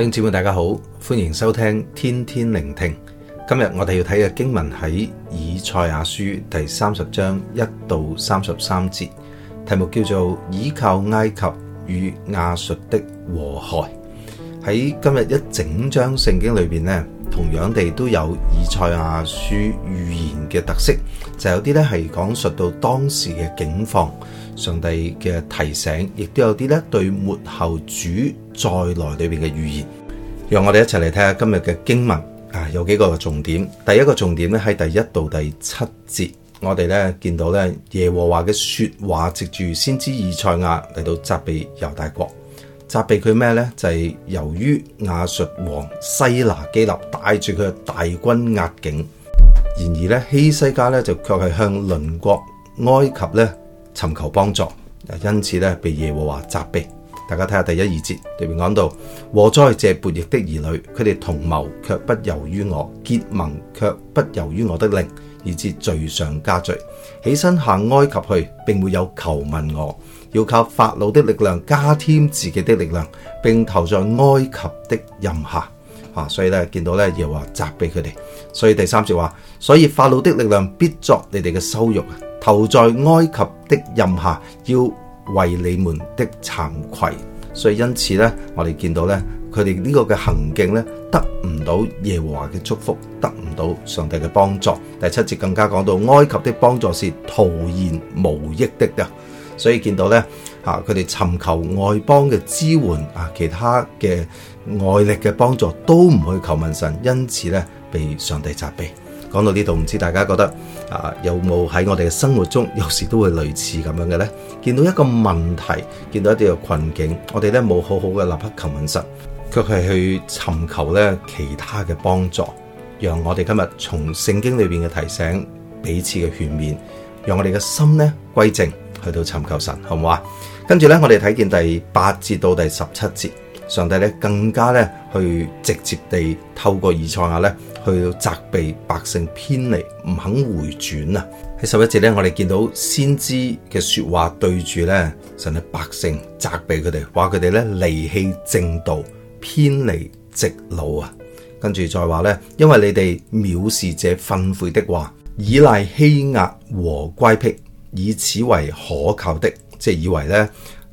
弟兄姊妹大家好，歡迎收聽天天聆聽。今日我哋要睇嘅經文喺以賽亞書第三十章一到三十三節，題目叫做倚靠埃及與亞述的禍害。喺今日一整章聖經裏邊呢，同樣地都有以賽亞書預言嘅特色，就有啲咧係講述到當時嘅境況、上帝嘅提醒，亦都有啲咧對末後主再來裏邊嘅預言。讓我哋一齊嚟睇下今日嘅經文啊，有幾個重點。第一個重點咧喺第一到第七節，我哋呢見到呢耶和華嘅說話藉住先知以賽亞嚟到責備猶大國。責備佢咩呢？就係、是、由於亞述王西拿基立帶住佢大軍壓境，然而呢，希西家呢就卻係向鄰國埃及呢尋求幫助，因此呢被耶和華責備。大家睇下第一,一二節，裡面講到禍哉，這悖逆的兒女，佢哋同謀卻不由於我，結盟卻不由於我的靈，以致罪上加罪。起身下埃及去，並沒有求問我，要靠法老的力量加添自己的力量，並投在埃及的蔭下。啊，所以咧見到咧又話責備佢哋。所以第三節話，所以法老的力量必作你哋嘅羞辱，投在埃及的蔭下要為你們的慚愧，所以因此咧，我哋見到咧，佢哋呢個嘅行徑咧，得唔到耶和華嘅祝福，得唔到上帝嘅幫助。第七節更加講到，埃及的幫助是徒然無益的噶，所以見到咧，啊，佢哋尋求外邦嘅支援啊，其他嘅外力嘅幫助，都唔去求問神，因此咧，被上帝責備。講到呢度，唔知大家覺得啊，有冇喺我哋嘅生活中，有時都會類似咁樣嘅呢？見到一個問題，見到一啲嘅困境，我哋呢冇好好嘅立刻求問神，卻係去尋求呢其他嘅幫助，讓我哋今日從聖經裏邊嘅提醒，彼此嘅勸勉，讓我哋嘅心呢歸正，去到尋求神，好唔好啊？跟住呢，我哋睇見第八節到第十七節。上帝咧更加咧去直接地透過以賽亞咧去責備百姓偏離，唔肯回轉啊！喺十一節咧，我哋見到先知嘅說話對住咧神嘅百姓責備佢哋，話佢哋咧離棄正道，偏離直路啊！跟住再話咧，因為你哋藐視這訓誨的話，依賴欺壓和乖僻，以此為可靠的，即係以為咧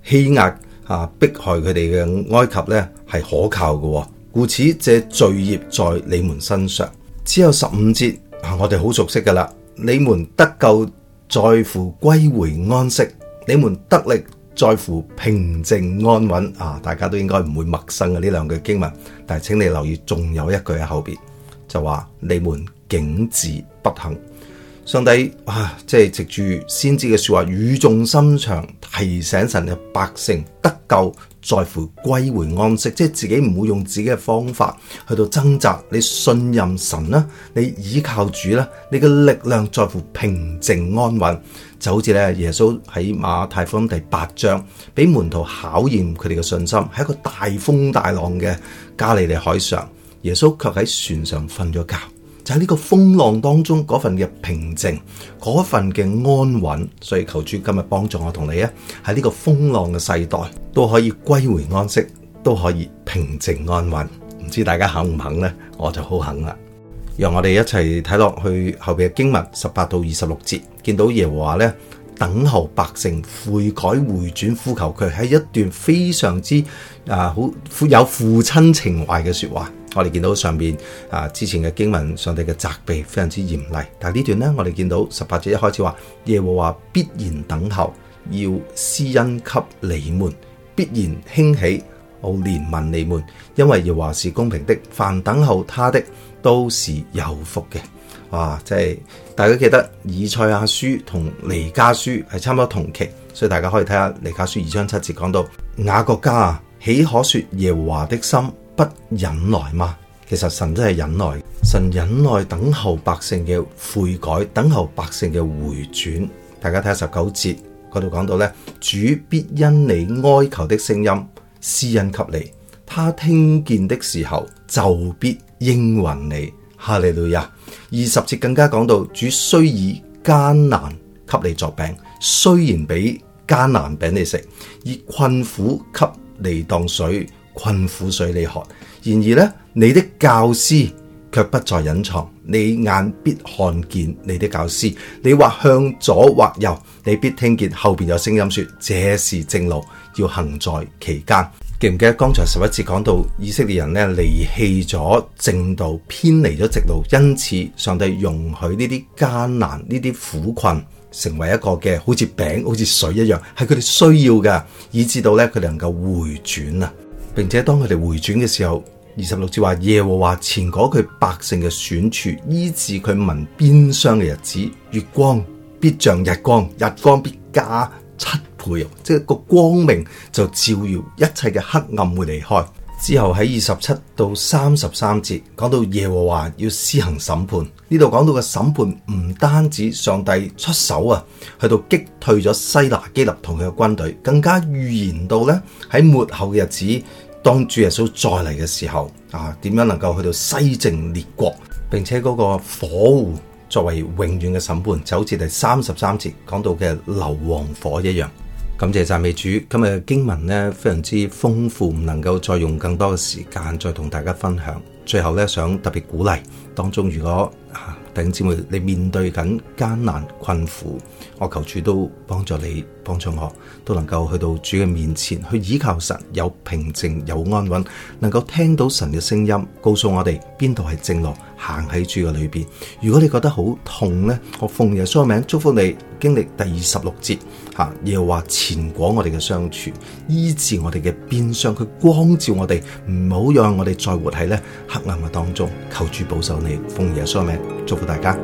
欺壓。啊！迫害佢哋嘅埃及呢係可靠嘅，故此這罪孽在你們身上。只有十五節，我哋好熟悉噶啦。你們得救在乎歸回安息，你們得力在乎平靜安穩。啊，大家都應該唔會陌生嘅呢兩句經文，但係請你留意，仲有一句喺後邊就話你們竟自不肯。上帝，即係藉住先知嘅說話，語重心長提醒神嘅百姓，得救在乎歸回安息，即係自己唔會用自己嘅方法去到掙扎，你信任神啦，你倚靠主啦，你嘅力量在乎平靜安穩。就好似咧，耶穌喺馬太福音第八章，俾門徒考驗佢哋嘅信心，喺一個大風大浪嘅加利利海上，耶穌卻喺船上瞓咗覺。就喺呢個風浪當中嗰份嘅平靜，嗰份嘅安穩，所以求主今日幫助我同你啊，喺呢個風浪嘅世代都可以歸回安息，都可以平靜安穩。唔知大家肯唔肯呢？我就好肯啦。讓我哋一齊睇落去後邊嘅經文十八到二十六節，見到耶和華呢，等候百姓悔改回轉，呼求佢，喺一段非常之啊好有父親情懷嘅說話。我哋見到上面啊，之前嘅經文，上帝嘅責備非常之嚴厲。但係呢段呢，我哋見到十八節一開始話，耶和華必然等候，要施恩給你們，必然興起，好憐憫你們，因為耶和華是公平的，凡等候他的都是有福嘅。哇，即係大家記得以賽亞書同彌迦書係差唔多同期，所以大家可以睇下彌迦書二章七節講到，雅各家豈可說耶和華的心？不忍耐嘛？其實神真係忍耐，神忍耐等候百姓嘅悔改，等候百姓嘅回轉。大家睇下十九節嗰度講到咧，主必因你哀求的聲音施恩給你，他聽見的時候就必應允你。哈利路亞。二十節更加講到，主雖以艱難給你作餅，雖然俾艱難餅你食，以困苦給你當水。困苦水裏喝，然而咧，你的教師卻不再隱藏，你眼必看見你的教師。你或向左或右，你必聽見後邊有聲音說：這是正路，要行在其間。記唔記得剛才十一節講到以色列人咧，離棄咗正道，偏離咗直路，因此上帝容許呢啲艱難、呢啲苦困成為一個嘅，好似餅、好似水一樣，係佢哋需要嘅，以至到咧佢哋能夠回轉啊！並且當佢哋回轉嘅時候，二十六節話耶和華纏裹佢百姓嘅損處醫治佢民鞭傷嘅日子，月光必像日光，日光必加七倍，即係個光明就照耀一切嘅黑暗會離開。之後喺二十七到三十三節講到耶和華要施行審判，呢度講到嘅審判唔單止上帝出手啊，去到擊退咗西拿基立同佢嘅軍隊，更加預言到呢，喺末後嘅日子。當主耶穌再嚟嘅時候，啊，點樣能夠去到洗淨列國，並且嗰個火湖作為永遠嘅審判，就好似第三十三節講到嘅硫磺火一樣。感謝讚美主，今日嘅經文呢非常之豐富，唔能夠再用更多嘅時間再同大家分享。最後呢，想特別鼓勵當中，如果、啊弟兄姊妹，你面對緊艱難困苦，我求主都幫助你，幫助我，都能夠去到主嘅面前，去依靠神，有平靜，有安穩，能夠聽到神嘅聲音，告訴我哋邊度係正路。行喺主嘅裏邊，如果你覺得好痛咧，我奉耶穌名祝福你，經歷第二十六節，吓又話纏裹我哋嘅損處，醫治我哋嘅鞭傷，佢光照我哋，唔好讓我哋再活喺咧黑暗嘅當中，求主保守你，奉耶穌名祝福大家。